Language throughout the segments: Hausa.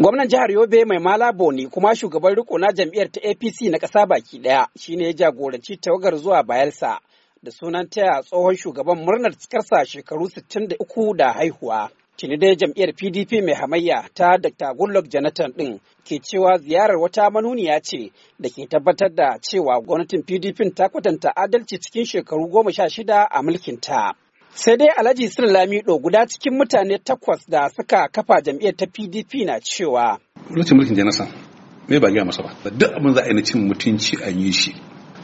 Gwamnan jihar Yobe mai Mala Boni kuma shugaban riko na jam'iyyar ta APC na ƙasa baki ɗaya shine ya jagoranci tawagar zuwa bayelsa da sunan taya tsohon shugaban murnar cikarsa shekaru 63 da haihuwa. Tuni dai jam'iyyar PDP mai hamayya ta Dr. gullock Jonathan ɗin ke cewa ziyarar wata manuniya ce da ke tabbatar da cewa gwamnatin PDP ta kwatanta adalci cikin shekaru goma sha shida a mulkinta. Sai dai Alhaji Sir Lamido guda cikin mutane takwas da suka kafa jam'iyyar ta PDP na cewa. Lokacin mulkin janasa, me ba gaya masa ba. Duk abin za a yi na cin mutunci a yi shi.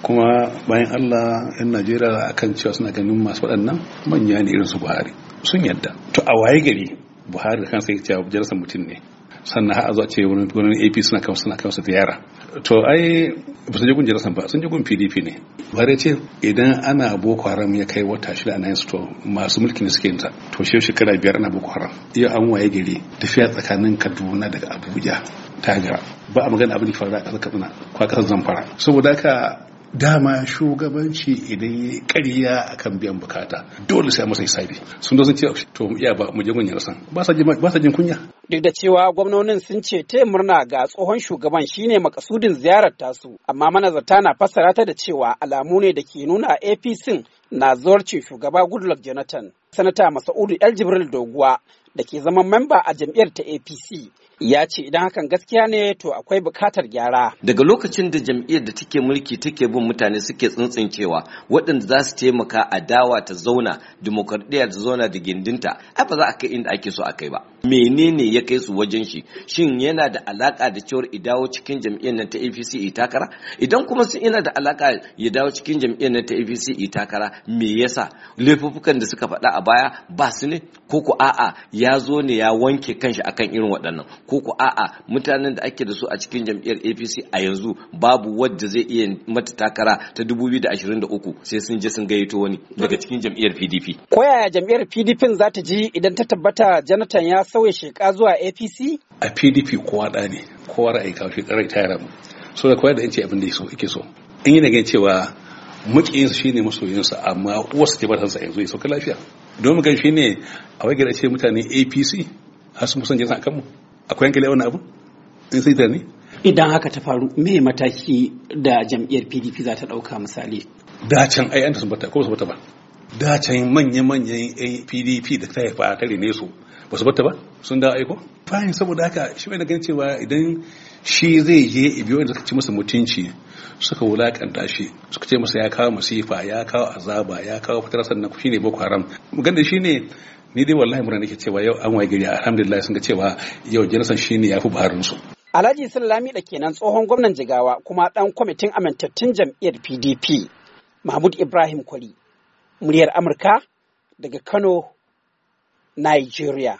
Kuma bayan Allah 'yan Najeriya a kan cewa suna ganin masu waɗannan manya ne irin su Buhari. Sun yadda. To a waye gari Buhari da kansa ya ce janasa mutum ne. sannan har a zuwa ce wani AP suna kawo suna su ziyara to ai ba su je gun jirasan ba sun je gun pdp ne bare ce idan ana boko haram ya kai wata shida a nan to masu mulki ne suke yinta to shi shekara biyar ana boko haram yau an waye gari tafiya tsakanin kaduna daga abuja ta ga ba a magana abin da faru a ƙasar katsina ko a ƙasar zamfara saboda haka dama shugabanci idan ya karya akan biyan bukata dole sai masa hisabi sun dozin cewa to iya ba mu je mun yarsan ba sa jin kunya duk da cewa gwamnonin sun ce ta murna ga tsohon shugaban shine makasudin ziyarar tasu amma manazarta na fassara ta da cewa alamu ne da ke nuna APC na zuwarcin shugaba Goodluck Jonathan sanata Masa'udu El Jibril Doguwa da ke zaman memba a jam'iyyar ta APC ya ce idan hakan gaskiya ne to akwai bukatar gyara daga lokacin da jam'iyyar da take mulki take bin mutane suke tsintsincewa waɗanda za su taimaka a dawa ta zauna dimokuraɗiyya ta zauna da gindinta ai ba za a kai inda ake so a kai ba menene ya kai su wajen shi shin yana da alaka da cewar idawo cikin jam'iyyar nan ta APC i takara idan kuma sun yana da alaka ya dawo cikin jam'iyyar nan ta APC i takara me yasa laifuffukan da suka faɗa a baya ba su ne ko ko a'a ya zo ne ya wanke kanshi akan irin waɗannan ko ku a'a mutanen da ake da su a cikin jam'iyyar APC a yanzu babu wadda zai iya mata takara ta 2023 sai sun je sun gayyato wani daga cikin jam'iyyar PDP. Ko yaya jam'iyyar PDP za ta ji idan ta tabbata Jonathan ya sauya sheka zuwa APC? A PDP kowa da ne, kowa ra'ayi ka shi karai ta yaran So da kowa da yanci abin da yake so. In yi na cewa cewa shi shine masoyinsa amma wasu batansa yanzu ya sauka lafiya. Domin gan shine a wai ce mutane APC har sun musan jinsa a kanmu. akwai hankali wani abu in sai ne idan haka ta faru me mataki da jam'iyyar pdp za ta ɗauka misali dacen ai an ta bata ko su bata ba dacen manya-manyan pdp da ta haifa ta ne su ba su bata ba sun da aiko fahim saboda haka shi mai na ganin cewa idan shi zai je ibiyo da suka ci masa mutunci suka wulakanta shi suka ce masa ya kawo masifa ya kawo azaba ya kawo fitar sannan shi ne boko haram magana shi ne ni dai wallahi mura nake cewa yau an waye gari alhamdulillah sun ga cewa yau jinsan shine yafi buharin su Alhaji Sallami da kenan tsohon gwamnan Jigawa kuma dan kwamitin amintattun jam'iyyar PDP Mahmud Ibrahim Kwali muryar Amurka daga Kano Nigeria